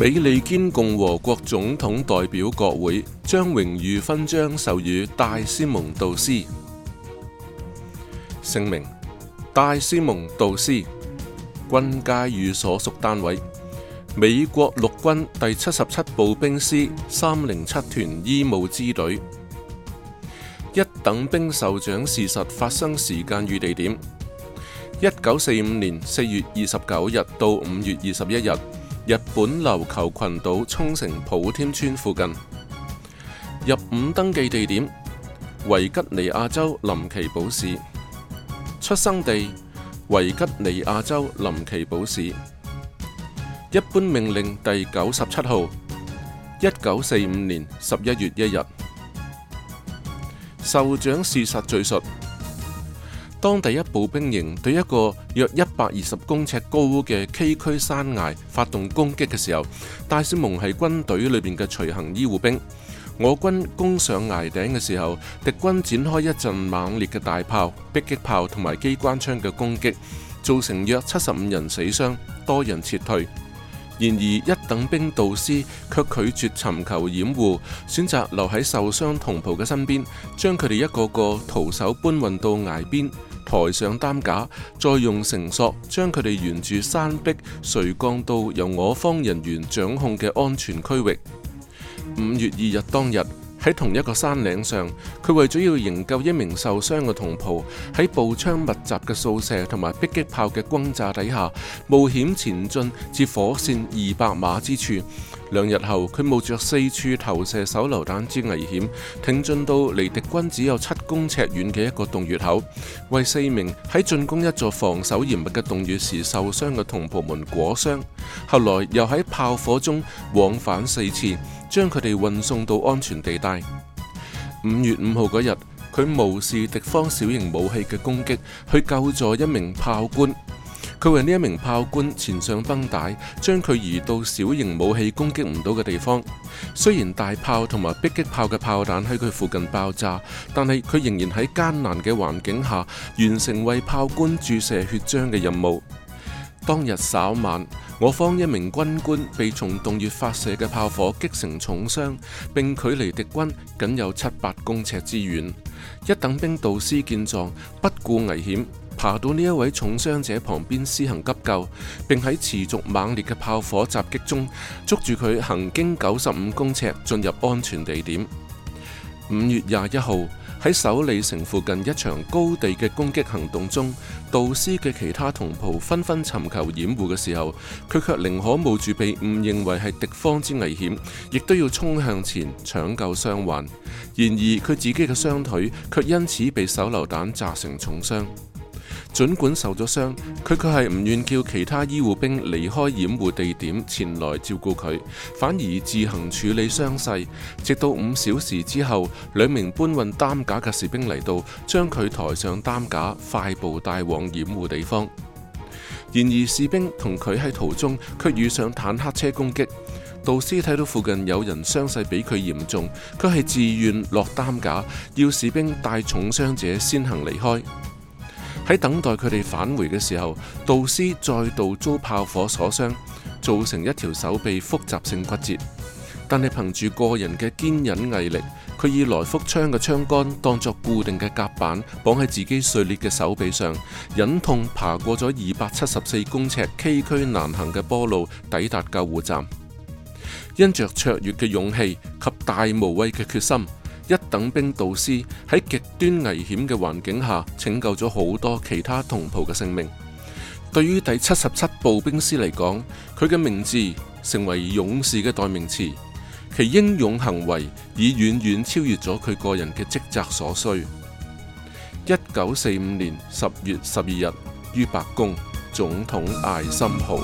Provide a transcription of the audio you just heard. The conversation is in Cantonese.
美利堅共和國總統代表國會將榮譽勳章授予戴斯蒙杜斯。姓名：戴斯蒙杜斯。軍階與所屬單位：美國陸軍第七十七步兵師三零七團醫務支隊。一等兵。授獎事實發生時間與地點：一九四五年四月二十九日到五月二十一日，日本琉球群島沖繩浦添村附近，入伍登記地點為維吉尼亞州林奇堡市，出生地維吉尼亞州林奇堡市，一般命令第九十七號，一九四五年十一月一日，受獎事實敘述。當第一步兵營對一個約一百二十公尺高嘅崎嶇山崖發動攻擊嘅時候，戴斯蒙係軍隊裏邊嘅隨行醫護兵。我軍攻上崖頂嘅時候，敵軍展開一陣猛烈嘅大炮、迫擊炮同埋機關槍嘅攻擊，造成約七十五人死傷，多人撤退。然而一等兵杜斯卻拒絕尋求掩護，選擇留喺受傷同袍嘅身邊，將佢哋一個個徒手搬運到崖邊。抬上擔架，再用繩索將佢哋沿住山壁垂降到由我方人員掌控嘅安全區域。五月二日當日，喺同一個山嶺上，佢為咗要營救一名受傷嘅同袍，喺步槍密集嘅掃射同埋迫擊炮嘅轟炸底下，冒險前進至火線二百碼之處。兩日後，佢冒着四處投射手榴彈之危險，挺進到離敵軍只有七公尺遠嘅一個洞穴口，為四名喺進攻一座防守嚴密嘅洞穴時受傷嘅同袍們裹傷。後來又喺炮火中往返四次，將佢哋運送到安全地帶。五月五號嗰日，佢無視敵方小型武器嘅攻擊，去救助一名炮官。佢為呢一名炮官纏上繃帶，將佢移到小型武器攻擊唔到嘅地方。雖然大炮同埋迫擊炮嘅炮彈喺佢附近爆炸，但係佢仍然喺艱難嘅環境下完成為炮官注射血漿嘅任務。當日稍晚，我方一名軍官被從洞穴發射嘅炮火擊成重傷，並距離敵軍僅有七八公尺之遠。一等兵杜斯見狀，不顧危險，爬到呢一位重傷者旁邊施行急救，並喺持續猛烈嘅炮火襲擊中捉住佢行經九十五公尺進入安全地點。五月廿一號，喺首里城附近一場高地嘅攻擊行動中，戴斯蒙嘅其他同袍紛紛尋求掩護嘅時候，佢卻寧可冒住被誤認為係敵方之危險，亦都要衝向前搶救傷患。然而佢自己嘅雙腿卻因此被手榴彈炸成重傷。盡管受咗傷，佢卻係唔願叫其他醫護兵離開掩護地點前來照顧佢，反而自行處理傷勢。直到五小時之後，兩名搬運擔架嘅士兵嚟到，將佢抬上擔架，快步帶往掩護地方。然而，士兵同佢喺途中卻遇上坦克車攻擊。杜斯睇到附近有人傷勢比佢嚴重，佢係自願落擔架，要士兵帶重傷者先行離開。喺等待佢哋返回嘅時候，杜斯再度遭炮火所傷，造成一條手臂複雜性骨折。但係憑住個人嘅堅忍毅力，佢以來福槍嘅槍桿當作固定嘅夾板，綁喺自己碎裂嘅手臂上，忍痛爬過咗二百七十四公尺崎嶇難行嘅坡路，抵達救護站。因着卓越嘅勇氣及大無畏嘅決心，一等兵杜斯喺極端危險嘅環境下拯救咗好多其他同袍嘅性命。對於第七十七步兵師嚟講，佢嘅名字成為勇士嘅代名詞，其英勇行為已遠遠超越咗佢個人嘅職責所需。一九四五年十月十二日，於白宮，總統艾森豪。